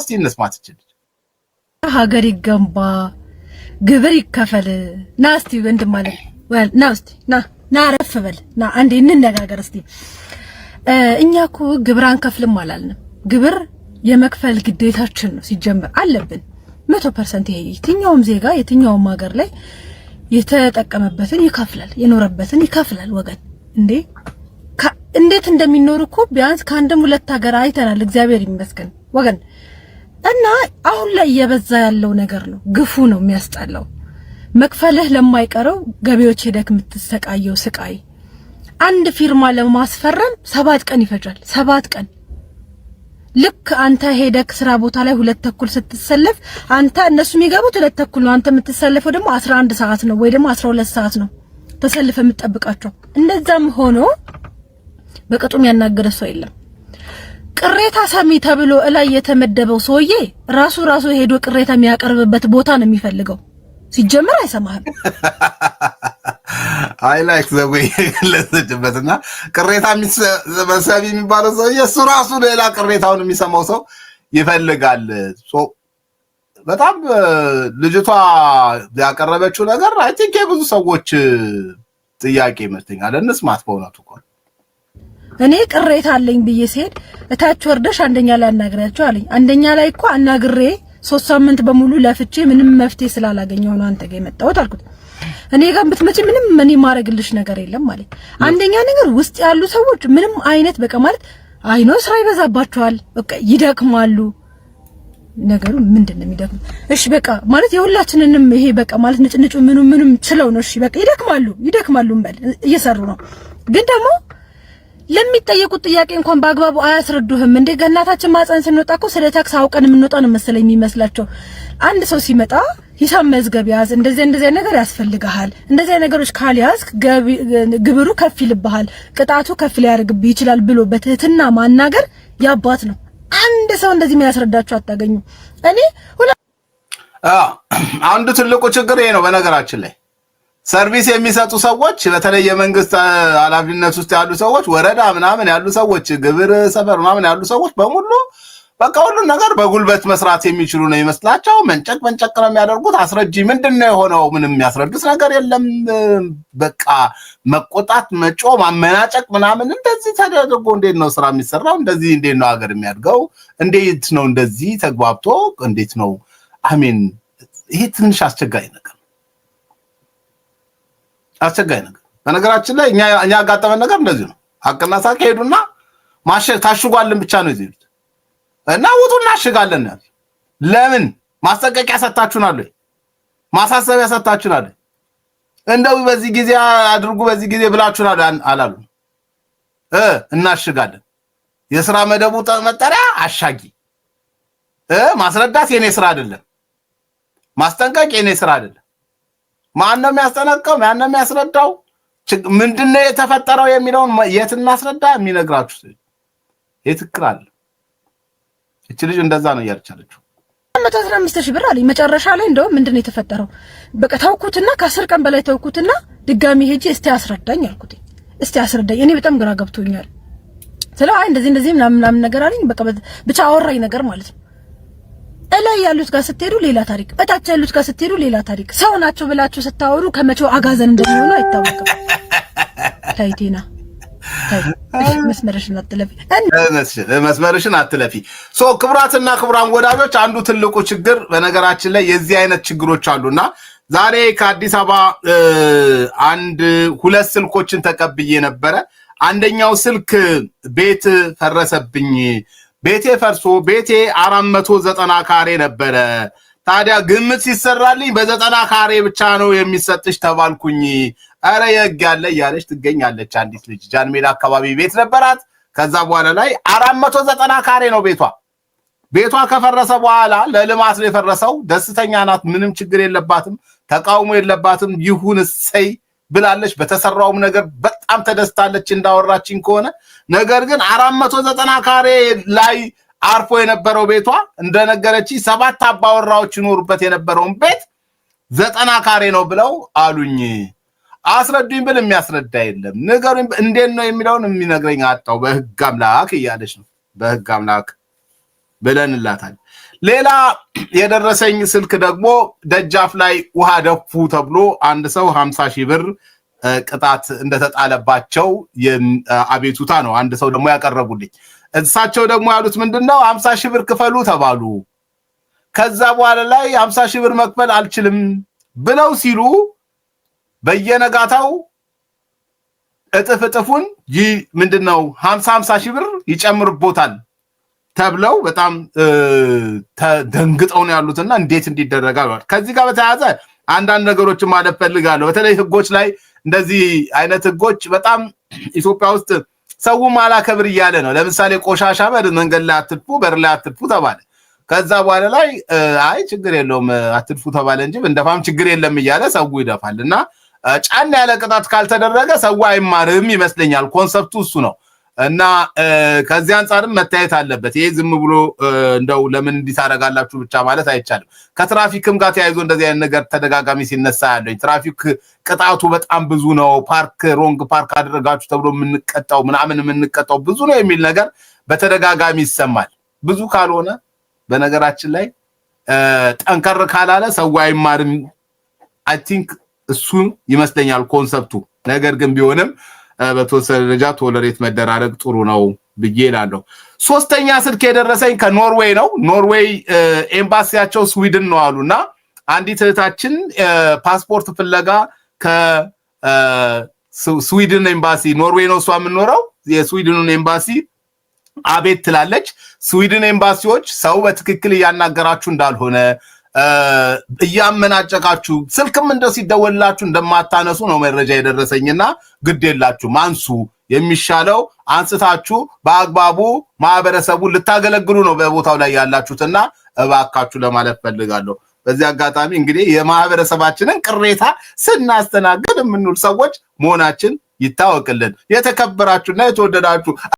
እስቲ እንስማት። ሀገር ይገንባ፣ ግብር ይከፈል። ና እስቲ ወንድም ማለት ና እስቲ ና ና አረፍ በል ና አንዴ እንነጋገር እስቲ። እኛ እኮ ግብር አንከፍልም አላልንም። ግብር የመክፈል ግዴታችን ነው ሲጀምር አለብን። መቶ ፐርሰንት ይሄ የትኛውም ዜጋ የትኛውም ሀገር ላይ የተጠቀመበትን ይከፍላል፣ የኖረበትን ይከፍላል። ወገን እንዴ እንዴት እንደሚኖር እኮ ቢያንስ ከአንድም ሁለት ሀገር አይተናል። እግዚአብሔር ይመስገን ወገን እና አሁን ላይ እየበዛ ያለው ነገር ነው። ግፉ ነው የሚያስጠላው። መክፈልህ ለማይቀረው ገቢዎች ሄደክ የምትሰቃየው ስቃይ አንድ ፊርማ ለማስፈረም ሰባት ቀን ይፈጃል። ሰባት ቀን ልክ አንተ ሄደክ ስራ ቦታ ላይ ሁለት ተኩል ስትሰለፍ አንተ እነሱ የሚገቡት ሁለት ተኩል ነው። አንተ የምትሰለፈው ደግሞ 11 ሰዓት ነው ወይ ደግሞ 12 ሰዓት ነው ተሰልፈ የምትጠብቃቸው። እንደዛም ሆኖ በቅጡም ያናገረ ሰው የለም። ቅሬታ ሰሚ ተብሎ እላይ የተመደበው ሰውዬ ራሱ ራሱ ሄዶ ቅሬታ የሚያቀርብበት ቦታ ነው የሚፈልገው። ሲጀምር አይሰማህም። አይ ላይክ ዘ ወይ ለሰጭበትና ቅሬታ ሰሚ የሚባለው ሰውዬ እሱ ራሱ ሌላ ቅሬታውን የሚሰማው ሰው ይፈልጋል። በጣም ልጅቷ ያቀረበችው ነገር አይ ቲንክ የብዙ ሰዎች ጥያቄ ይመስለኛል። እንስማት በእውነቱ እኮ እኔ ቅሬታ አለኝ ብዬ ሲሄድ እታች ወርደሽ አንደኛ ላይ አናግሪያቸው አለኝ። አንደኛ ላይ እኮ አናግሬ ሶስት ሳምንት በሙሉ ለፍቼ ምንም መፍትሄ ስላላገኘሁ ነው አንተ ጋር የመጣሁት አልኩት። እኔ ጋር ብትመጪ ምንም እኔ ማረግልሽ ነገር የለም ማለት አንደኛ ነገር ውስጥ ያሉ ሰዎች ምንም አይነት በቃ ማለት አይኖ ስራ ይበዛባቸዋል፣ በቃ ይደክማሉ። ነገሩ ምንድን ነው የሚደክሙ? እሺ በቃ ማለት የሁላችንንም ይሄ በቃ ማለት ንጭንጩ ምኑ ምኑም ችለው ነው። እሺ በቃ ይደክማሉ፣ ይደክማሉ እንበል እየሰሩ ነው ግን ደግሞ ለሚጠየቁት ጥያቄ እንኳን በአግባቡ አያስረዱህም እንዴ። ገናታችን ማፀን ስንወጣ እኮ ስለ ታክስ አውቀን የምንወጣ ነው መሰለኝ የሚመስላቸው። አንድ ሰው ሲመጣ ሂሳብ መዝገብ ያዝ፣ እንደዚህ እንደዚህ ነገር ያስፈልግሃል፣ እንደዚህ ነገሮች ካልያዝክ ግብሩ ከፍ ይልብሃል፣ ቅጣቱ ከፍ ሊያደርግብህ ይችላል ብሎ በትህትና ማናገር ያባት ነው። አንድ ሰው እንደዚህ የሚያስረዳችሁ አታገኙ። እኔ አንዱ ትልቁ ችግር ይሄ ነው በነገራችን ላይ ሰርቪስ የሚሰጡ ሰዎች በተለይ የመንግስት ኃላፊነት ውስጥ ያሉ ሰዎች ወረዳ ምናምን ያሉ ሰዎች ግብር ሰፈር ምናምን ያሉ ሰዎች በሙሉ በቃ ሁሉን ነገር በጉልበት መስራት የሚችሉ ነው ይመስላቸው። መንጨቅ መንጨቅ ነው የሚያደርጉት። አስረጂ ምንድን ነው የሆነው? ምንም የሚያስረዱት ነገር የለም። በቃ መቆጣት፣ መጮ፣ ማመናጨቅ ምናምን እንደዚህ ተደርጎ እንዴት ነው ስራ የሚሰራው? እንደዚህ እንዴት ነው ሀገር የሚያድገው? እንዴት ነው እንደዚህ ተግባብቶ እንዴት ነው አሜን። ይሄ ትንሽ አስቸጋሪ ነገር አስቸጋሪ ነገር። በነገራችን ላይ እኛ ያጋጠመን ነገር እንደዚህ ነው። ሀቅና ሳቅ ሄዱና ታሽጓልን ብቻ ነው ይሉት እና ውጡ እናሽጋለን ያለ ለምን ማስጠንቀቂያ ሰታችሁናል ወይ ማሳሰቢያ ሰታችሁናል እንደው በዚህ ጊዜ አድርጉ በዚህ ጊዜ ብላችሁናል አላሉ እ እናሽጋለን የስራ መደቡ መጠሪያ አሻጊ እ ማስረዳት የኔ ስራ አይደለም ማስጠንቀቅ የኔ ስራ አይደለም ማን ነው የሚያስጠነቅቀው? ማን ነው የሚያስረዳው? ምንድነው የተፈጠረው የሚለውን የት እናስረዳ? የሚነግራችሁ የትክክል እቺ ልጅ እንደዛ ነው እያልቻለችው መቶ አስራ አምስት ሺህ ብር አለኝ መጨረሻ ላይ እንደውም ምንድነው የተፈጠረው? በቃ ተውኩትና ከአስር ቀን በላይ ተውኩትና ድጋሚ ሄጄ እስቲ አስረዳኝ አልኩት። እስቲ አስረዳኝ እኔ በጣም ግራ ገብቶኛል ስለው አይ እንደዚህ እንደዚህ ምናምን ምናምን ነገር አለኝ። በቃ ብቻ አወራኝ ነገር ማለት ነው እላይ ያሉት ጋር ስትሄዱ ሌላ ታሪክ፣ እታች ያሉት ጋር ስትሄዱ ሌላ ታሪክ። ሰው ናቸው ብላችሁ ስታወሩ ከመቼው አጋዘን እንደሚሆኑ አይታወቅም። ታይቴና መስመርሽን አትለፊ፣ አትለፊ። ሶ ክቡራትና ክቡራን ወዳጆች አንዱ ትልቁ ችግር በነገራችን ላይ የዚህ አይነት ችግሮች አሉና ዛሬ ከአዲስ አበባ አንድ ሁለት ስልኮችን ተቀብዬ ነበረ። አንደኛው ስልክ ቤት ፈረሰብኝ ቤቴ ፈርሶ ቤቴ አራት መቶ ዘጠና ካሬ ነበረ። ታዲያ ግምት ሲሰራልኝ በዘጠና ካሬ ብቻ ነው የሚሰጥሽ ተባልኩኝ። ኧረ የግ ያለ እያለች ትገኛለች። አንዲት ልጅ ጃን አካባቢ ቤት ነበራት። ከዛ በኋላ ላይ አራት መቶ ዘጠና ካሬ ነው ቤቷ። ቤቷ ከፈረሰ በኋላ ለልማት ነው የፈረሰው። ደስተኛ ናት። ምንም ችግር የለባትም። ተቃውሞ የለባትም። ይሁን እሰይ ብላለች። በተሰራውም ነገር በጣም ተደስታለች እንዳወራችኝ ከሆነ ነገር ግን አራት መቶ ዘጠና ካሬ ላይ አርፎ የነበረው ቤቷ እንደነገረች ሰባት አባወራዎች ይኖሩበት የነበረውን ቤት ዘጠና ካሬ ነው ብለው አሉኝ። አስረዱኝ ብል የሚያስረዳ የለም። ነገሩ እንዴት ነው የሚለውን የሚነግረኝ አጣው። በህግ አምላክ እያለች ነው። በህግ አምላክ ብለንላታል። ሌላ የደረሰኝ ስልክ ደግሞ ደጃፍ ላይ ውሃ ደፉ ተብሎ አንድ ሰው ሀምሳ ሺህ ብር ቅጣት እንደተጣለባቸው አቤቱታ ነው። አንድ ሰው ደግሞ ያቀረቡልኝ። እሳቸው ደግሞ ያሉት ምንድን ነው? ሀምሳ ሺህ ብር ክፈሉ ተባሉ። ከዛ በኋላ ላይ ሀምሳ ሺህ ብር መክፈል አልችልም ብለው ሲሉ በየነጋታው እጥፍ እጥፉን ምንድን ነው ሀምሳ ሀምሳ ሺህ ብር ይጨምርቦታል ተብለው በጣም ደንግጠው ነው ያሉትና እንዴት እንዲደረጋል። ከዚህ ጋር በተያያዘ አንዳንድ ነገሮችን ማለት ፈልጋለሁ። በተለይ ህጎች ላይ እንደዚህ አይነት ህጎች በጣም ኢትዮጵያ ውስጥ ሰው ማላከብር እያለ ነው። ለምሳሌ ቆሻሻ መንገድ ላይ አትድፉ፣ በር ላይ አትድፉ ተባለ። ከዛ በኋላ ላይ አይ ችግር የለውም አትድፉ ተባለ እንጂ ብንደፋም ችግር የለም እያለ ሰው ይደፋል እና ጫና ያለ ቅጣት ካልተደረገ ሰው አይማርም ይመስለኛል። ኮንሰፕቱ እሱ ነው። እና ከዚህ አንጻርም መታየት አለበት። ይሄ ዝም ብሎ እንደው ለምን እንዲህ ታደርጋላችሁ ብቻ ማለት አይቻልም። ከትራፊክም ጋር ተያይዞ እንደዚህ አይነት ነገር ተደጋጋሚ ሲነሳ ያለኝ ትራፊክ ቅጣቱ በጣም ብዙ ነው፣ ፓርክ ሮንግ ፓርክ አደረጋችሁ ተብሎ የምንቀጣው ምናምን የምንቀጣው ብዙ ነው የሚል ነገር በተደጋጋሚ ይሰማል። ብዙ ካልሆነ በነገራችን ላይ ጠንከር ካላለ ሰው አይማርም። አይ ቲንክ እሱ ይመስለኛል ኮንሰፕቱ ነገር ግን ቢሆንም በተወሰነ ደረጃ ቶለሬት መደራረግ ጥሩ ነው ብዬ እላለሁ። ሶስተኛ ስልክ የደረሰኝ ከኖርዌይ ነው። ኖርዌይ ኤምባሲያቸው ስዊድን ነው አሉ እና አንዲት እህታችን ፓስፖርት ፍለጋ ከስዊድን ኤምባሲ ኖርዌይ ነው እሷ የምኖረው የስዊድኑን ኤምባሲ አቤት ትላለች። ስዊድን ኤምባሲዎች ሰው በትክክል እያናገራችሁ እንዳልሆነ እያመናጨቃችሁ ስልክም እንደ ሲደወልላችሁ እንደማታነሱ ነው መረጃ የደረሰኝና ግድ የላችሁ ማንሱ የሚሻለው አንስታችሁ በአግባቡ ማህበረሰቡ ልታገለግሉ ነው በቦታው ላይ ያላችሁትና እባካችሁ ለማለት ፈልጋለሁ። በዚህ አጋጣሚ እንግዲህ የማህበረሰባችንን ቅሬታ ስናስተናግድ የምንውል ሰዎች መሆናችን ይታወቅልን። የተከበራችሁና የተወደዳችሁ